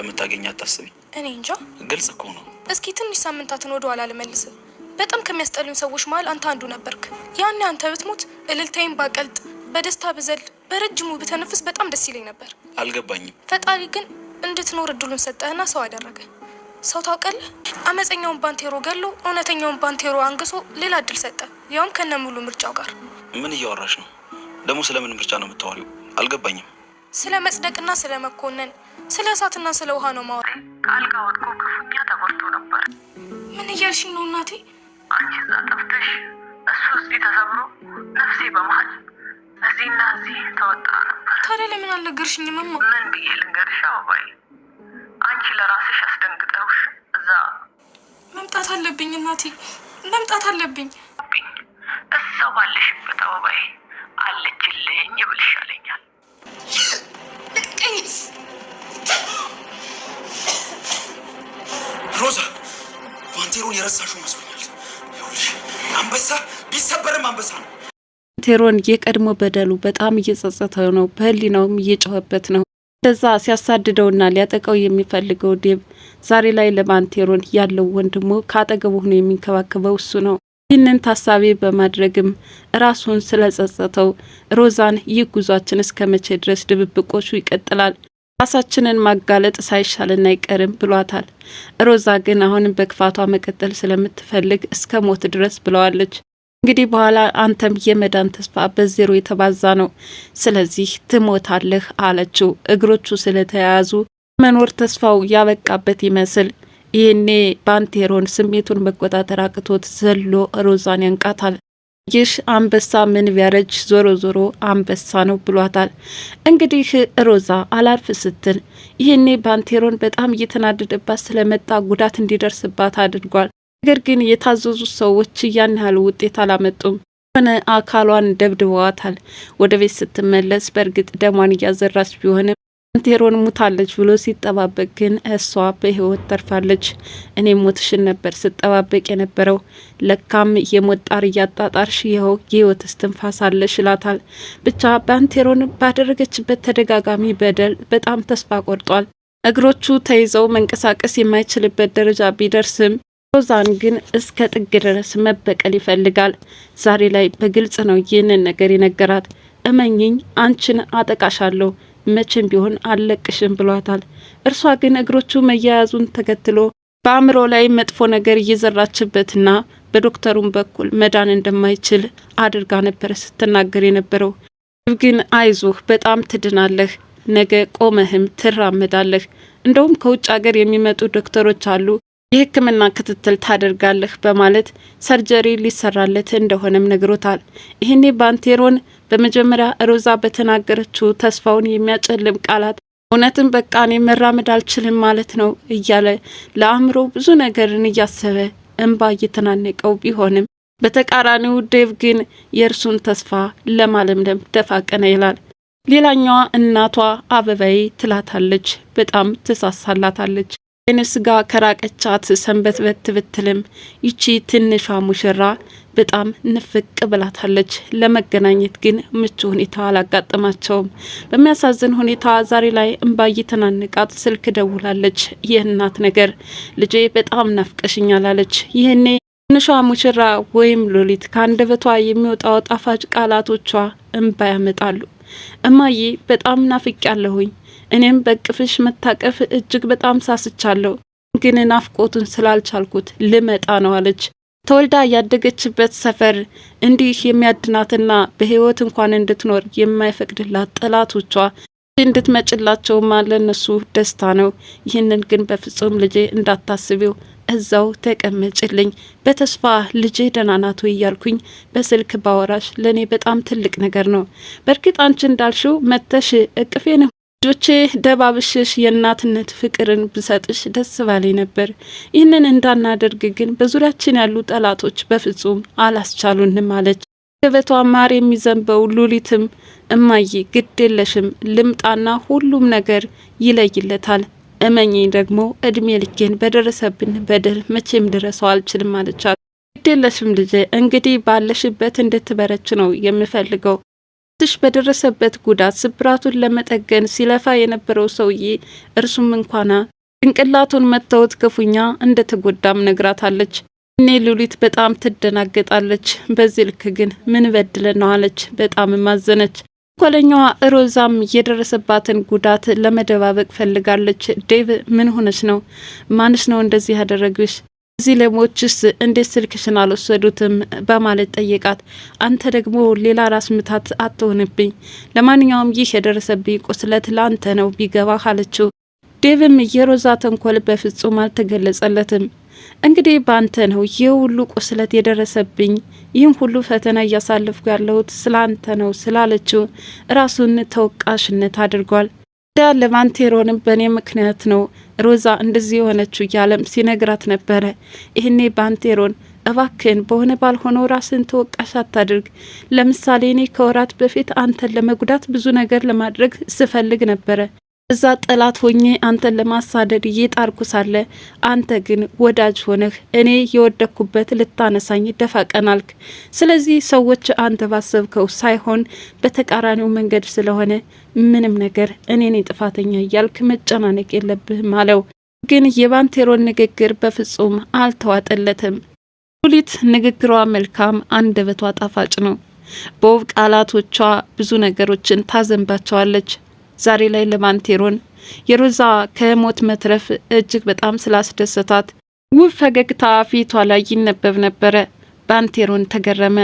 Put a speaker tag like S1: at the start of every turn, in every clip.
S1: እንደምታገኝ አታስቢ። እኔ እንጃ። ግልጽ እኮ ነው።
S2: እስኪ ትንሽ ሳምንታትን ወደ ኋላ ልመልስህ። በጣም ከሚያስጠሉኝ ሰዎች መሀል አንተ አንዱ ነበርክ። ያኔ አንተ ብትሞት እልልታይን ባቀልጥ፣ በደስታ ብዘል፣ በረጅሙ ብተነፍስ በጣም ደስ ይለኝ ነበር። አልገባኝም። ፈጣሪ ግን እንድትኖር እድሉን ሰጠህና ሰው አደረገ። ሰው ታውቃለህ፣ አመፀኛውን ባንቴሮ ገሎ እውነተኛውን ባንቴሮ አንግሶ ሌላ እድል ሰጠ፣ ያውም ከነ ሙሉ ምርጫው ጋር።
S1: ምን እያወራሽ ነው ደግሞ? ስለምን ምርጫ ነው የምታወሪው? አልገባኝም።
S2: ስለ መጽደቅና ስለ መኮንን፣ ስለ እሳትና ስለ ውሃ ነው ማወቅ።
S3: ቃል ጋወጥኮ ክፉኛ ተጎድቶ ነበር።
S2: ምን እያልሽኝ ነው እናቴ?
S3: አንቺ እዛ ጠፍተሽ እሱ እዚህ ተሰብሮ ነፍሴ በመሀል እዚህና እዚህ ተወጥራ ነበር።
S2: ታዲያ ለምን አልነገርሽኝም? ማ
S3: ምን ብዬ ልንገርሽ አበባዬ? አንቺ ለራስሽ አስደንግጠውሽ እዛ
S2: መምጣት አለብኝ እናቴ፣ መምጣት አለብኝ።
S3: እዛው ባለሽበት አበባዬ፣ አለችልኝ ብልሻለኛል
S4: ቴሮን መስሎኛል። አንበሳ ቢሰበርም አንበሳ ነው።
S5: ቴሮን የቀድሞ በደሉ በጣም እየጸጸተው ነው። በህሊናውም እየጮኸበት ነው። እንደዛ ሲያሳድደውና ሊያጠቀው የሚፈልገው ዴብ ዛሬ ላይ ለማንቴሮን ያለው ወንድሞ ከአጠገቡ ሆኖ የሚንከባከበው እሱ ነው። ይህንን ታሳቢ በማድረግም ራሱን ስለጸጸተው ሮዛን ይህ ጉዟችን እስከ መቼ ድረስ ድብብቆቹ ይቀጥላል? ራሳችንን ማጋለጥ ና አይቀርም ብሏታል። ሮዛ ግን አሁንም በክፋቷ መቀጠል ስለምትፈልግ እስከ ሞት ድረስ ብለዋለች። እንግዲህ በኋላ አንተም የመዳን ተስፋ በዜሮ የተባዛ ነው፣ ስለዚህ ትሞታለህ አለችው። እግሮቹ ስለተያያዙ መኖር ተስፋው ያበቃበት ይመስል ይህኔ ባንቴሮን ስሜቱን መቆጣጠር አቅቶት ዘሎ ሮዛን ያንቃታል። ይህ አንበሳ ምን ቢያረጅ ዞሮ ዞሮ አንበሳ ነው ብሏታል። እንግዲህ ሮዛ አላርፍ ስትል ይህኔ ባንቴሮን በጣም እየተናደደባት ስለመጣ ጉዳት እንዲደርስባት አድርጓል። ነገር ግን የታዘዙ ሰዎች ያን ያህል ውጤት አላመጡም። የሆነ አካሏን ደብድበዋታል። ወደ ቤት ስትመለስ በእርግጥ ደሟን እያዘራች ቢሆንም ቴሮን ሙታለች ብሎ ሲጠባበቅ ግን እሷ በህይወት ተርፋለች። እኔ ሞትሽን ነበር ስጠባበቅ የነበረው ለካም የሞት ጣር እያጣጣርሽ ይኸው የህይወት እስትንፋስ አለሽ ይላታል። ብቻ በአንቴሮን ባደረገችበት ተደጋጋሚ በደል በጣም ተስፋ ቆርጧል። እግሮቹ ተይዘው መንቀሳቀስ የማይችልበት ደረጃ ቢደርስም ሮዛን ግን እስከ ጥግ ድረስ መበቀል ይፈልጋል። ዛሬ ላይ በግልጽ ነው ይህንን ነገር የነገራት። እመኝኝ፣ አንቺን አጠቃሻለሁ መቼም ቢሆን አልለቅሽም ብሏታል። እርሷ ግን እግሮቹ መያያዙን ተከትሎ በአእምሮ ላይ መጥፎ ነገር እየዘራችበትና በዶክተሩም በኩል መዳን እንደማይችል አድርጋ ነበረ ስትናገር የነበረው። ግን አይዞህ በጣም ትድናለህ፣ ነገ ቆመህም ትራመዳለህ። እንደውም ከውጭ አገር የሚመጡ ዶክተሮች አሉ የህክምና ክትትል ታደርጋለህ በማለት ሰርጀሪ ሊሰራለት እንደሆነም ነግሮታል። ይህኔ ባንቴሮን በመጀመሪያ ሮዛ በተናገረችው ተስፋውን የሚያጨልም ቃላት እውነትም በቃ እኔ መራመድ አልችልም ማለት ነው እያለ ለአእምሮ ብዙ ነገርን እያሰበ እንባ እየተናነቀው ቢሆንም በተቃራኒው ዴቭ ግን የእርሱን ተስፋ ለማለምለም ደፋ ይላል። ሌላኛዋ እናቷ አበባዬ ትላታለች፣ በጣም ትሳሳላታለች። ከነርሱ ጋር ከራቀቻት ሰንበት በት ብትልም ይቺ ትንሿ ሙሽራ በጣም ንፍቅ ብላታለች። ለመገናኘት ግን ምቹ ሁኔታ አላጋጠማቸውም። በሚያሳዝን ሁኔታ ዛሬ ላይ እምባይ ተናንቃት ስልክ ደውላለች። የእናት ነገር ልጄ በጣም ናፍቀሽኛል አለች። ይህኔ ትንሿ ሙሽራ ወይም ሎሊት ከአንደበቷ የሚወጣው ጣፋጭ ቃላቶቿ እምባ ያመጣሉ። እማዬ በጣም ናፍቅ ያለሁኝ እኔም በቅፍሽ መታቀፍ እጅግ በጣም ሳስቻለሁ፣ ግን ናፍቆቱን ስላልቻልኩት ልመጣ ነው አለች። ተወልዳ ያደገችበት ሰፈር እንዲህ የሚያድናትና በህይወት እንኳን እንድትኖር የማይፈቅድላት ጠላቶቿ እንድትመጭላቸውማ ለነሱ ደስታ ነው። ይህንን ግን በፍጹም ልጄ እንዳታስቢው እዛው ተቀመጭልኝ፣ በተስፋ ልጄ ደህና ናት ወይ እያልኩኝ በስልክ ባወራሽ ለእኔ በጣም ትልቅ ነገር ነው። በእርግጥ አንቺ እንዳልሽው መተሽ እቅፌን ዶቼ ደባብሽሽ የእናትነት ፍቅርን ብሰጥሽ ደስ ባሌ ነበር። ይህንን እንዳናደርግ ግን በዙሪያችን ያሉ ጠላቶች በፍጹም አላስቻሉንም አለች። ገበቷ ማር የሚዘንበው ሉሊትም እማዬ ግድ የለሽም ልምጣና ሁሉም ነገር ይለይለታል። እመኜ ደግሞ እድሜ ልኬን በደረሰብን በደል መቼም ድረሰው አልችልም አለቻት። ግድ የለሽም ልጄ፣ እንግዲህ ባለሽበት እንድትበረች ነው የምፈልገው ትሽ በደረሰበት ጉዳት ስብራቱን ለመጠገን ሲለፋ የነበረው ሰውዬ እርሱም እንኳና ጭንቅላቱን መተውት ክፉኛ እንደተጎዳም ነግራታለች። እኔ ሉሊት በጣም ትደናገጣለች። በዚህ ልክ ግን ምን ነው አለች። በጣም ማዘነች። ኮለኛዋ ሮዛም የደረሰባትን ጉዳት ለመደባበቅ ፈልጋለች። ዴቭ ምን ሆነች ነው? ማንስ ነው እንደዚህ ያደረግሽ? እዚህ ሌቦችስ እንዴት ስልክሽን አልወሰዱትም? በማለት ጠየቃት። አንተ ደግሞ ሌላ ራስ ምታት አትሆንብኝ። ለማንኛውም ይህ የደረሰብኝ ቁስለት ለአንተ ነው ቢገባህ አለችው። ዴቭም የሮዛ ተንኮል በፍጹም አልተገለጸለትም። እንግዲህ በአንተ ነው ይህ ሁሉ ቁስለት የደረሰብኝ፣ ይህም ሁሉ ፈተና እያሳለፍኩ ያለሁት ስለ አንተ ነው ስላለችው ራሱን ተወቃሽነት አድርጓል። ዳ ለማንቴሮንም በእኔ ምክንያት ነው ሮዛ እንደዚህ የሆነችው እያለም ሲነግራት ነበረ። ይህኔ ባንቴሮን እባክህን በሆነ ባልሆነው ራስን ተወቃሽ አታድርግ። ለምሳሌ እኔ ከወራት በፊት አንተን ለመጉዳት ብዙ ነገር ለማድረግ ስፈልግ ነበረ እዛ ጠላት ሆኜ አንተን ለማሳደድ እየጣርኩ ሳለ አንተ ግን ወዳጅ ሆነህ እኔ የወደኩበት ልታነሳኝ ደፋ ስለዚህ ሰዎች አንተ ባሰብከው ሳይሆን በተቃራኒው መንገድ ስለሆነ ምንም ነገር እኔን ጥፋተኛ እያልክ መጨናነቅ የለብህም አለው። ግን የባንቴሮን ንግግር በፍጹም አልተዋጠለትም። ሉሊት ንግግሯ መልካም፣ አንደበቷ ጣፋጭ ነው። በውብ ቃላቶቿ ብዙ ነገሮችን ታዘንባቸዋለች። ዛሬ ላይ ለማንቴሮን የሮዛ ከሞት መትረፍ እጅግ በጣም ስላስደሰታት ውብ ፈገግታ ፊቷ ላይ ይነበብ ነበረ። ባንቴሮን ተገረመ።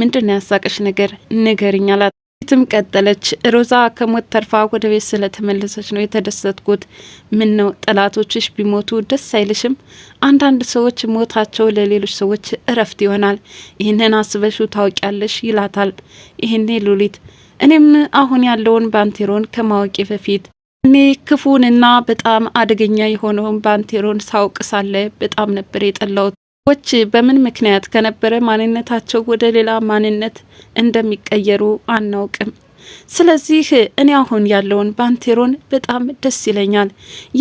S5: ምንድን ያሳቀሽ ነገር ንገርኝ አላት። ትም ቀጠለች። ሮዛ ከሞት ተርፋ ወደ ቤት ስለተመለሰች ነው የተደሰትኩት። ምን ነው ጠላቶችሽ ቢሞቱ ደስ አይልሽም? አንዳንድ ሰዎች ሞታቸው ለሌሎች ሰዎች እረፍት ይሆናል። ይህንን አስበሹ ታውቂያለሽ ይላታል። ይህኔ ሉሊት እኔም አሁን ያለውን ባንቴሮን ከማወቂ በፊት እኔ ክፉንና በጣም አደገኛ የሆነውን ባንቴሮን ሳውቅ ሳለ በጣም ነበር የጠላሁት። ዎች በምን ምክንያት ከነበረ ማንነታቸው ወደ ሌላ ማንነት እንደሚቀየሩ አናውቅም። ስለዚህ እኔ አሁን ያለውን ባንቴሮን በጣም ደስ ይለኛል።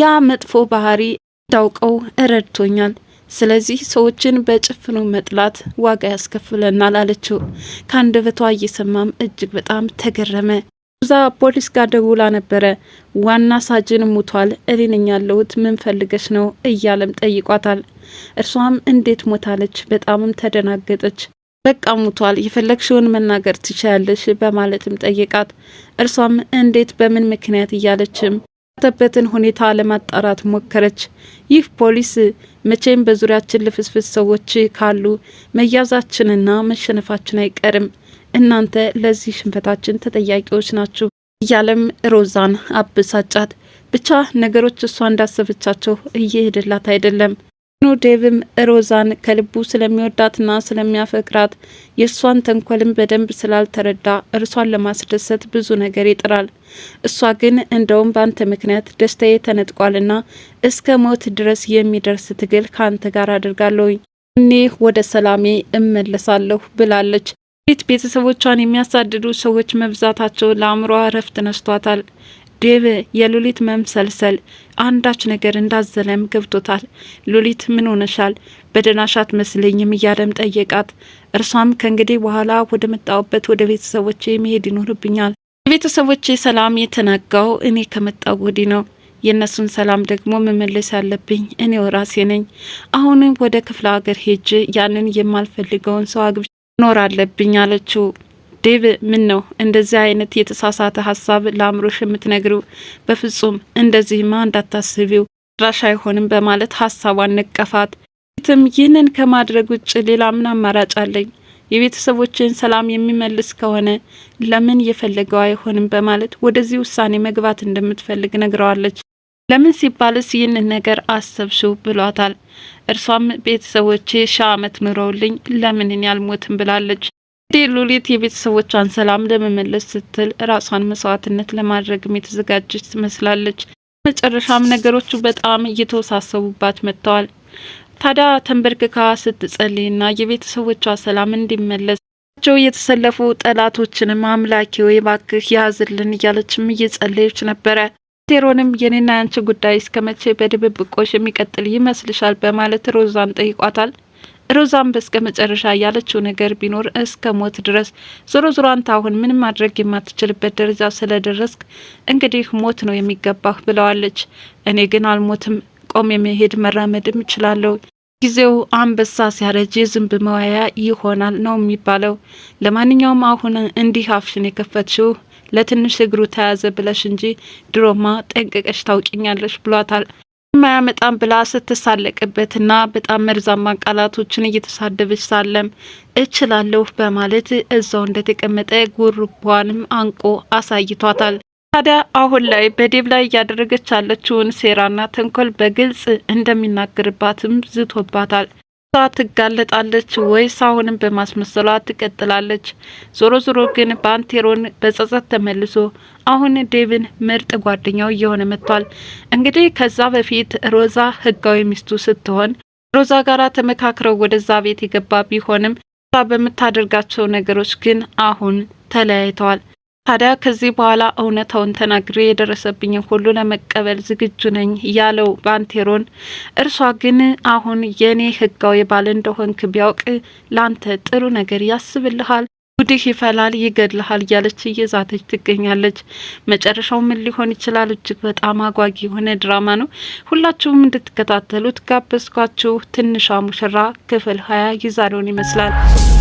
S5: ያ መጥፎ ባህሪ እንዳውቀው ረድቶኛል። ስለዚህ ሰዎችን በጭፍኑ መጥላት ዋጋ ያስከፍለናል አለችው። ከአንደበቷ እየሰማም እጅግ በጣም ተገረመ። ዛ ፖሊስ ጋር ደውላ ነበረ። ዋና ሳጅን ሙቷል እኔ ነኝ ያለሁት፣ ምን ፈልገሽ ነው እያለም ጠይቋታል። እርሷም እንዴት ሞታለች? በጣምም ተደናገጠች። በቃ ሙቷል የፈለግሽውን መናገር ትችያለሽ በማለትም ጠየቃት። እርሷም እንዴት፣ በምን ምክንያት እያለችም ተበትን ሁኔታ ለማጣራት ሞከረች። ይህ ፖሊስ መቼም በዙሪያችን ልፍስፍስ ሰዎች ካሉ መያዛችንና መሸነፋችን አይቀርም፣ እናንተ ለዚህ ሽንፈታችን ተጠያቂዎች ናችሁ እያለም ሮዛን አብሳጫት። ብቻ ነገሮች እሷ እንዳሰበቻቸው እየሄደላት አይደለም። ኖ ዴቭም ሮዛን ከልቡ ስለሚወዳትና ስለሚያፈቅራት የእሷን ተንኮልም በደንብ ስላልተረዳ እርሷን ለማስደሰት ብዙ ነገር ይጥራል። እሷ ግን እንደውም በአንተ ምክንያት ደስታዬ ተነጥቋልና እስከ ሞት ድረስ የሚደርስ ትግል ከአንተ ጋር አድርጋለሁ እኔ ወደ ሰላሜ እመለሳለሁ ብላለች። ቤት ቤተሰቦቿን የሚያሳድዱ ሰዎች መብዛታቸው ለአእምሯ እረፍት ነስቷታል። ዴቭ የሉሊት መምሰልሰል አንዳች ነገር እንዳዘለም ገብቶታል። ሉሊት ምን ሆነሻል? በደናሻት መስለኝም እያለም ጠየቃት። እርሷም ከእንግዲህ በኋላ ወደ መጣውበት ወደ ቤተሰቦቼ መሄድ ይኖርብኛል። የቤተሰቦቼ ሰላም የተናጋው እኔ ከመጣው ወዲህ ነው። የእነሱን ሰላም ደግሞ መመለስ ያለብኝ እኔው ራሴ ነኝ። አሁንም ወደ ክፍለ ሀገር ሄጅ ያንን የማልፈልገውን ሰው አግብ ኖር አለብኝ አለችው። ዴቭ ምን ነው እንደዚህ አይነት የተሳሳተ ሀሳብ ለአእምሮሽ የምትነግሪው? በፍጹም እንደዚህማ እንዳታስቢው ራሽ አይሆንም በማለት ሀሳቧን ነቀፋት። ትም ይህንን ከማድረግ ውጭ ሌላ ምን አማራጭ አለኝ? የቤተሰቦችን ሰላም የሚመልስ ከሆነ ለምን የፈለገው አይሆንም በማለት ወደዚህ ውሳኔ መግባት እንደምትፈልግ ነግረዋለች። ለምን ሲባልስ ይህንን ነገር አሰብሽው ብሏታል። እርሷም ቤተሰቦቼ ሺ ዓመት ኑረውልኝ ለምን ያልሞትም ብላለች። እንግዲህ ሉሊት የቤተሰቦቿን ሰላም ለመመለስ ስትል ራሷን መስዋዕትነት ለማድረግም የተዘጋጀች ትመስላለች። መጨረሻም ነገሮቹ በጣም እየተወሳሰቡባት መጥተዋል። ታዲያ ተንበርክካ ስትጸልይና የቤተሰቦቿ ሰላም እንዲመለስ ቸው የተሰለፉ ጠላቶችንም አምላኬ ወይ ባክህ ያዝልን እያለችም እየጸለየች ነበረ። ቴሮንም የኔና ያንቺ ጉዳይ እስከ መቼ በድብብቆሽ የሚቀጥል ይመስልሻል በማለት ሮዛን ጠይቋታል። ሮዛም በስከ መጨረሻ ያለችው ነገር ቢኖር እስከ ሞት ድረስ ዞሮ ዞሮ አንተ አሁን ምንም ማድረግ የማትችልበት ደረጃ ስለደረስክ እንግዲህ ሞት ነው የሚገባህ ብለዋለች። እኔ ግን አልሞትም፣ ቆም የመሄድ መራመድም እችላለሁ። ጊዜው አንበሳ ሲያረጅ ዝንብ መዋያ ይሆናል ነው የሚባለው። ለማንኛውም አሁን እንዲህ አፍሽን የከፈትሽው ለትንሽ እግሩ ተያዘ ብለሽ እንጂ ድሮማ ጠንቅቀሽ ታውቂኛለሽ ብሏታል። የማያመጣም ብላ ስትሳለቅበትና በጣም መርዛማ ቃላቶችን እየተሳደበች ሳለም እችላለሁ በማለት እዛው እንደተቀመጠ ጉርቧንም አንቆ አሳይቷታል። ታዲያ አሁን ላይ በዴብ ላይ እያደረገች ያለችውን ሴራና ተንኮል በግልጽ እንደሚናገርባትም ዝቶባታል። እሷ ትጋለጣለች ወይስ አሁንም በማስመሰሏ ትቀጥላለች? ዞሮ ዞሮ ግን ባንቴሮን በጸጸት ተመልሶ አሁን ዴቭን ምርጥ ጓደኛው እየሆነ መጥቷል። እንግዲህ ከዛ በፊት ሮዛ ህጋዊ ሚስቱ ስትሆን ሮዛ ጋር ተመካክረው ወደዛ ቤት የገባ ቢሆንም እሷ በምታደርጋቸው ነገሮች ግን አሁን ተለያይተዋል። ታዲያ ከዚህ በኋላ እውነታውን ተናግሬ የደረሰብኝን ሁሉ ለመቀበል ዝግጁ ነኝ ያለው ባንቴሮን፣ እርሷ ግን አሁን የእኔ ህጋዊ ባል እንደሆንክ ቢያውቅ ላንተ ጥሩ ነገር ያስብልሃል ጉድህ ይፈላል፣ ይገድልሃል እያለች እየዛተች ትገኛለች። መጨረሻው ምን ሊሆን ይችላል? እጅግ በጣም አጓጊ የሆነ ድራማ ነው። ሁላችሁም እንድትከታተሉት ጋበዝኳችሁ። ትንሿ ሙሽራ ክፍል ሀያ የዛሬውን ይመስላል።